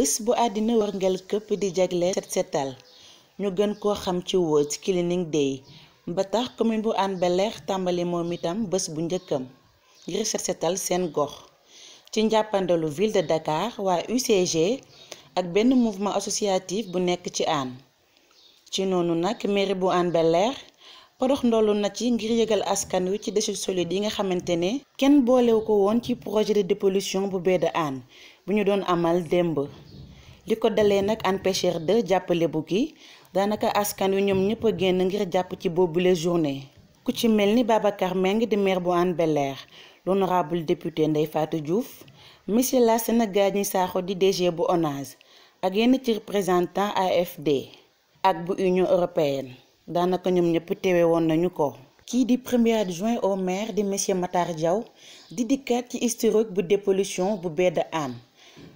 bés bu àddina wërngal këpp di jagle set setal ñu gën koo xam ci World Cleaning Day ba tax commune bu Hann bel tàmbali moom itam bés bu njëkkam ngir set setal seen gox ci njàppandalu ville de Dakar waa UCG ak benn mouvement associatif bu nekk ci Hann ci noonu nag mairie bu Hann Bel-Air ndollu na ci ngir yëgal askan wi ci déchets solides yi nga xamante ne kenn boolewu ko woon ci projet de dépollution bu baie de Hann bu ñu doon amal démb li ko nak an pêcheur de jappelé bu gi askan wi ñoom ñëpp genn ngir japp ci boobule journée. ku ci melni Babacar Mbengue di maire bu an bel l'honorable député ndey Fatou Diouf monsieur la Gagny saxo di DG bu ONAS ak yenn ci représentant AFD ak bu Union européenne danaka ñom ñëpp téwé won nañu ko. kii di premier adjoint au maire di monsieur Matar Diaw di dikkaat ci historique bu dépollution bu baie de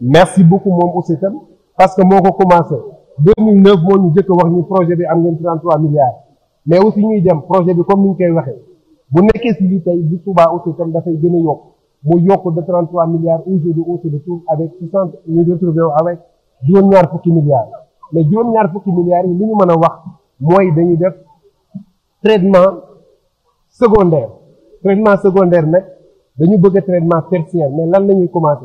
merci beaucoup mon aussi parce que mon recommence, 2009 moi, ñu jëkk que wax ni projet de 33 milliards mais aussi ñuy dem projet bi comme ni ñu koy waxee bu si vous avez di Touba aussi itam a de 33 milliards aujourd'hui aussi de tout avec 60 ñu retrouvons avec milliards pour fukki milliards mais 2 milliards fukki milliards yi li ñu que a wax mooy dañuy def traitement secondaire traitement secondaire nous dañu bëgg traitement tertiaire mais là, nous ñuy commencé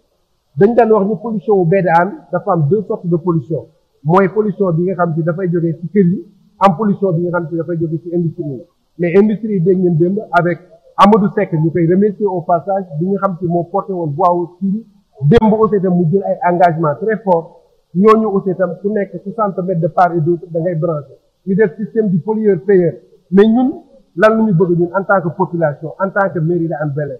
dañ daan wax ni pollution wu BDAN dafa am deux sortes de pollution mooy pollution bi nga xam te dafay jógee ci kër yi am pollution bi nga xam te dafay jógee ci industrie yi mais industrie yi dégg ngeen démb avec Amadou Seck ñu koy remercier au passage bi nga xam te moo porté woon voix ci démb aussi itam mu jël ay engagement très fort ñooñu aussi itam ku nekk 60 mètres de part et d'autre da ngay branché ñu def système du pollueur payeur mais ñun lan la ñu bëgg ñun en tant que population en tant que mairie de am bel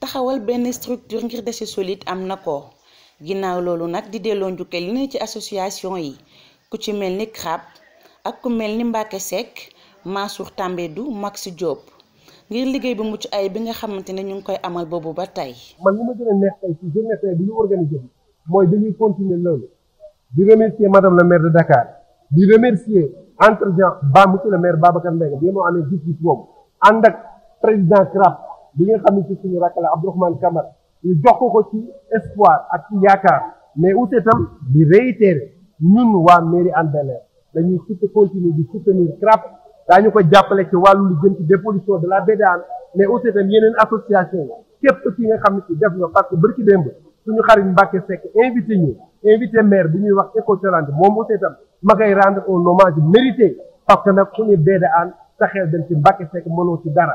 taxawal benn structure ngir déchets solides am na ko ginnaaw loolu nag di delloo njukkal li ci association yi ku ci mel ni CRAB ak ku mel ni Mbacke Seck Mansour Tambédou Max Diop ngir liggéey bu mucc ay bi nga xamante ne ñu ngi koy amal boobu ba tey. man li ma gën a neex tey ci journée tey bi ñu organisé mooy dañuy continuer loolu di remercier madame la maire de Dakar di remercier entre gens ba monsieur le maire Babacar Mbengue bi amee gis bi nga xam ne ci suñu rakk la Abdourahmane Camara jox ko ko ci espoir ak ci yaakaar mais aussi itam di réitérer ñun waa mairie Hann Bel-Air dañuy surtout continuer di soutenir CRAP daañu ko jàppale ci wàllu lu jëm ci dépollution de la BDAN mais aussi itam yeneen association yi képp ki nga xam ne ci def nga parce que bërki démb suñu xarit Mbacke Seck invité ñu invité maire bi ñuy wax écotalante moom aussi tam ma koy rendre un hommage mérité parce que nag ku ne BDAN sa xel dem ci Mbacke dara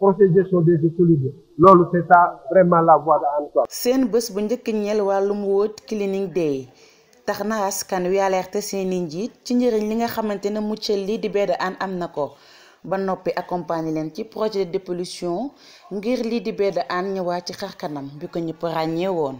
projet gestion des eaux seen bés bu njëkk ñeel wàllum World Cleaning Day tax na askan wi alerté seeni i njiit ci njëriñ li nga xamante ne muccel lii di bedde Hann am na ko ba noppi accompagner leen ci projet de dépollution ngir lii di bedde Hann ñëwaat ci xar bi ko ñëpp ràññee woon.